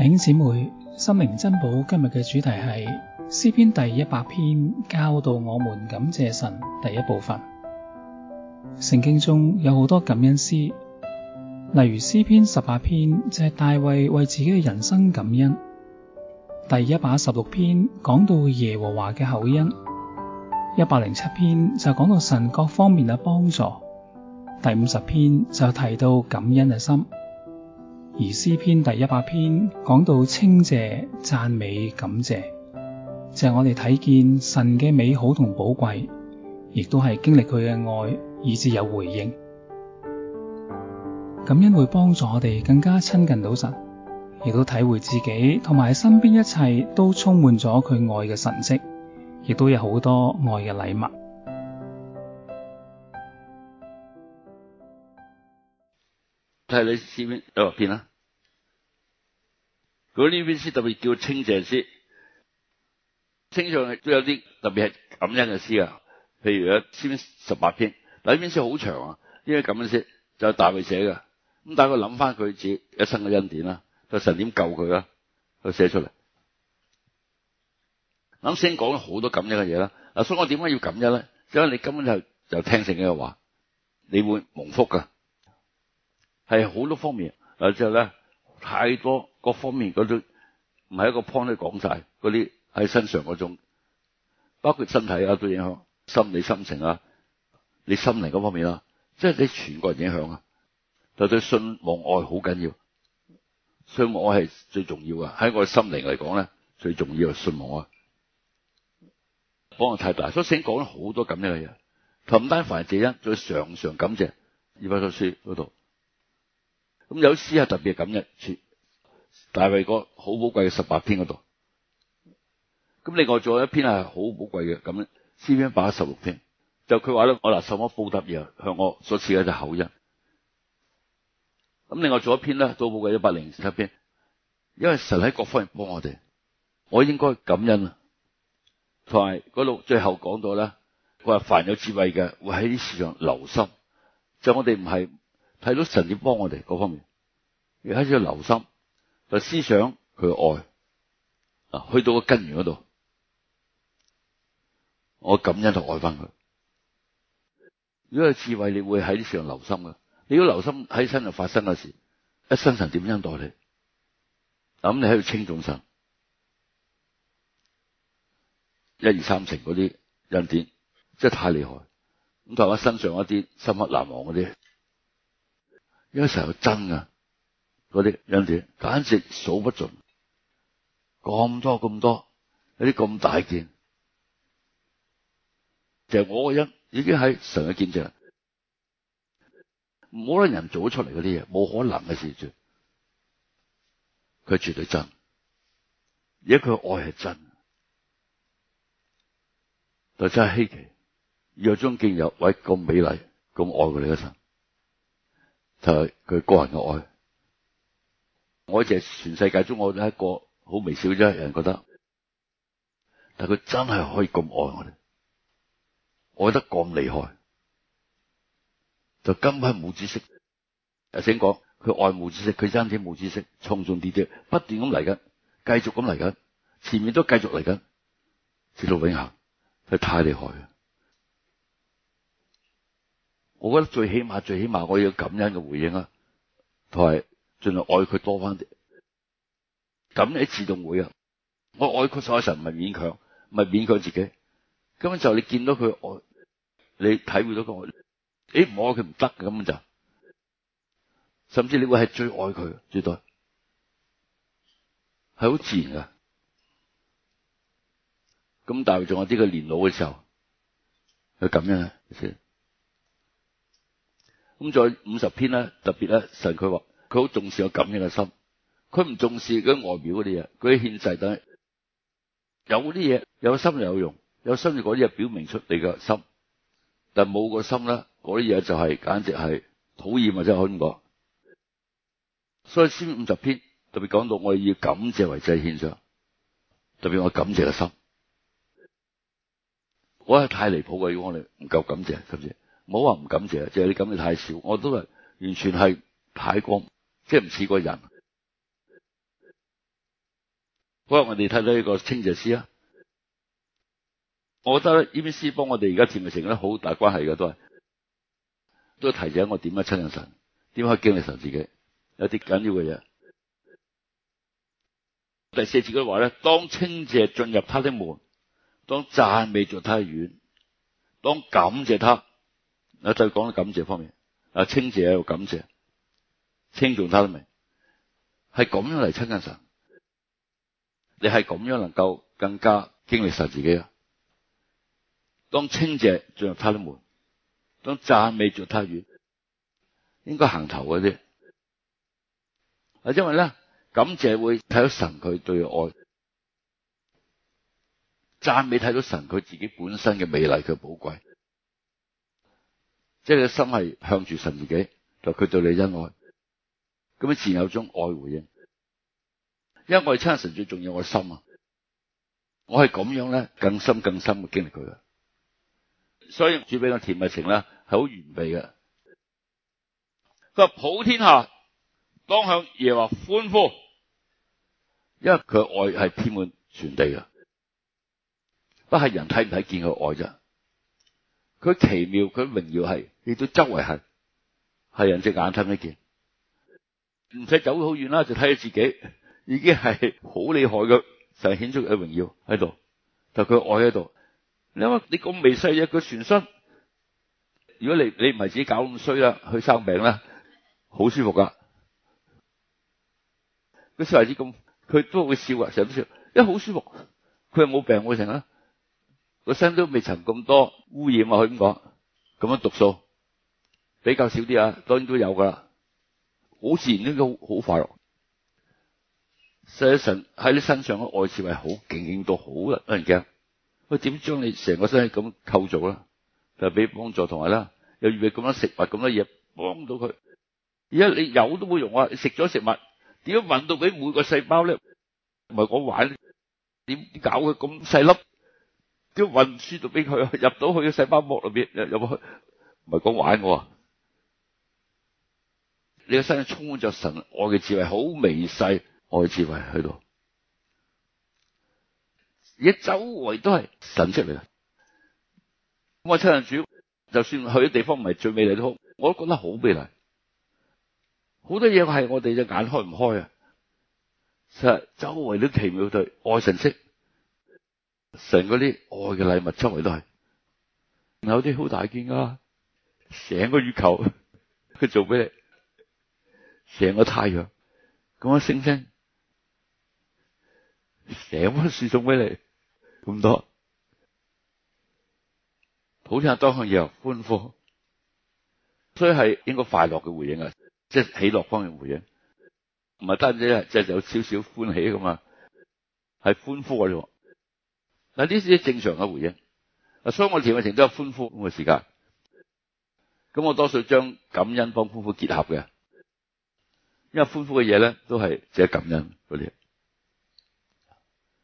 兄姊妹，心靈珍寶今日嘅主題係詩篇第一百篇，教導我們感謝神。第一部分，聖經中有好多感恩詩，例如詩篇十八篇就係大衛為自己嘅人生感恩；第一百十六篇講到耶和華嘅厚恩；一百零七篇就講到神各方面嘅幫助；第五十篇就提到感恩嘅心。而《詩篇》第一百篇講到稱謝、讚美、感謝，就係、是、我哋睇見神嘅美好同寶貴，亦都係經歷佢嘅愛以致有回應。感恩會幫助我哋更加親近到神，亦都體會自己同埋身邊一切都充滿咗佢愛嘅神蹟，亦都有好多愛嘅禮物。睇你詩篇第幾篇啊？哦如果呢篇詩特別叫稱謝詩，聽上去都有啲特別，係感恩嘅詩啊。譬如有先十八篇，嗱呢篇詩好長啊，因為感恩詩就大衛寫嘅。咁但係佢諗翻佢自己一生嘅恩典啦，佢神點救佢啦，佢寫出嚟啱先講咗好多感恩嘅嘢啦。嗱，所以我點解要感恩咧？因為你根本就就聽聖經嘅話，你會蒙福嘅。係好多方面，誒，之後，咧太多。各方面嗰種唔係一個 point 都講晒，嗰啲喺身上嗰種，包括身體啊都影響心理、心情啊，你心靈嗰方面啦，即係你全個人影響啊。就對信望愛好緊要，信望愛係最重要噶。喺我心靈嚟講咧，最重要係信望啊，幫助太大。所以先講咗好多咁樣嘅嘢，唔單凡自人謝恩，再常常感謝二百首書嗰度。咁有詩係特別咁嘅，大衛哥好寶貴嘅十八篇嗰度，咁另外仲有一篇係好寶貴嘅，咁呢，詩篇八十六篇就佢話咧，我拿什麼報答嘢向我所賜嘅就厚恩。」咁另外仲有一篇咧都寶貴一百零七篇，因為神喺各方面幫我哋，我應該感恩啊。同埋嗰度最後講到咧，佢話凡有智慧嘅會喺呢事上留心，就我哋唔係睇到神要幫我哋嗰方面，而係要留心。就思想佢愛去到個根源嗰度，我感恩同愛翻佢。如果有智慧，你會喺呢上留心嘅。你如果留心喺身上發生嘅事，一身神點樣待你？咁你喺度清眾神，一二三成嗰啲恩典，即係太厲害。咁同埋身上一啲深刻難忘嗰啲，有時候真㗎。嗰啲兩件，簡直數不盡，咁多咁多，有啲咁大件，就係、我個人已經喺成日見證啦。唔可能人做出嚟嗰啲嘢，冇可能嘅事啫。佢絕對真，而家佢愛係真，但真係稀奇，若中見有位咁美麗咁愛我你一神，就係、係、佢個人嘅愛。我只係全世界中我哋一個好微小啫，人覺得，但佢真係可以咁愛我哋，愛得咁厲害，就根本冇知識。阿星講佢愛冇知識，佢真係冇知識，重重啲啲，不斷咁嚟緊，繼續咁嚟緊，前面都繼續嚟緊，直到永恆，佢太厲害。我覺得最起碼，最起碼我要有感恩嘅回應啊，同埋。盡量愛佢多翻啲，咁你自動會啊！我愛佢，所以神唔係勉強，唔係勉強自己。咁就你見到佢愛，你體會到佢愛，你唔愛佢唔得嘅咁就，甚至你會係最愛佢最多，係好自然㗎。咁但係仲有啲佢年老嘅時候，佢咁樣先。咁再五十篇啦，特別咧神佢話。佢好重視我感恩嘅心，佢唔重視佢外表嗰啲嘢，佢獻祭，但係有啲嘢有心又有用，有心就嗰啲嘢表明出你嘅心，但冇個心咧，嗰啲嘢就係、是、簡直係討厭或者係咁講，所以詩五十篇特別講到，我以感謝為祭獻上，特別我感謝嘅心，離譜我係太離譜嘅，我哋唔夠感謝，感謝，唔好話唔感謝，就係、是、你感謝太少，我都係完全係太光。即係唔似個人。好，日我哋睇到一個稱謝詩。啊，我覺得呢篇詩幫我哋而家漸漸成咗好大關係嘅都係，都提醒我點樣親近神，點樣經歷神自己，有啲緊要嘅嘢。第四節佢話咧，當稱謝進入他的門，當讚美進入他的院，當感謝他，就講到感謝方面，啊，稱謝又感謝。稱頌他都名。係咁樣嚟親近神，你係咁樣能夠更加經歷神自己啊。當稱謝進入他的門，當讚美進入他院，應該行頭嗰啲啊。因為咧，感謝會睇到神佢對愛，讚美睇到神佢自己本身嘅美麗佢寶貴，即係個心係向住神自己，就佢對你恩愛。咁自然有種愛回應，因為我係親神最重要的是我的心，我心啊，我係咁樣咧，更深更深嘅經歷佢啊，所以主俾個甜蜜情咧係好完備嘅。佢話普天下當向耶和華歡呼，因為佢愛係遍滿全地嘅，是看不係人睇唔睇見佢愛啫。佢奇妙，佢榮耀係，亦都周圍係，係人隻眼睇唔見。唔使走好遠啦，就睇下自己已經係好厲害嘅神顯出嘅榮耀喺度，就佢愛喺度。你諗下，你咁微細嘢，佢全身，如果你你唔係自己搞咁衰啦，佢生病啦，好舒服噶。個小孩子咁，佢都會笑啊，成日都笑，因為好舒服，佢又冇病冇成啦，個身都未曾咁多污染啊。佢咁講，咁樣毒素比較少啲啊，當然都有噶啦。好自然應該好快樂，所以神喺你身上嘅愛笑係好勁，勁到好令人驚。佢點將你成個身體咁構造啦，就俾幫助同埋啦，又預備咁多食物咁多嘢幫到佢。而家你有都冇用啊？你食咗食物，點樣運到俾每個細胞咧？唔係講玩，點搞佢咁細粒，點運輸到俾佢入到去細胞膜裏邊有冇？唔係講玩嘅。你個身充滿咗神愛嘅智慧，好微細愛嘅智慧喺度，而周圍都係神蹟嚟嘅。咁啊，親人主就算去嘅地方唔係最美麗都，好，我都覺得好美麗。好多嘢係我哋隻眼開唔開啊！實周圍都奇妙對愛神蹟，成嗰啲愛嘅禮物周圍都係，有啲好大件啊，成個月球佢做俾你。成個太陽，咁個星星，成樖樹送俾你咁多。普天下當向耶和華歡呼，所以係應該快樂嘅回應啊！即係喜樂方面回應，唔係單止即係有少少歡喜噶嘛，係歡呼嘅啫。嗱，呢啲正常嘅回應。所以我行程都係歡呼咁嘅時間。咁我多數將感恩幫歡呼結合嘅。因為歡呼嘅嘢咧，都係值得感恩嗰啲。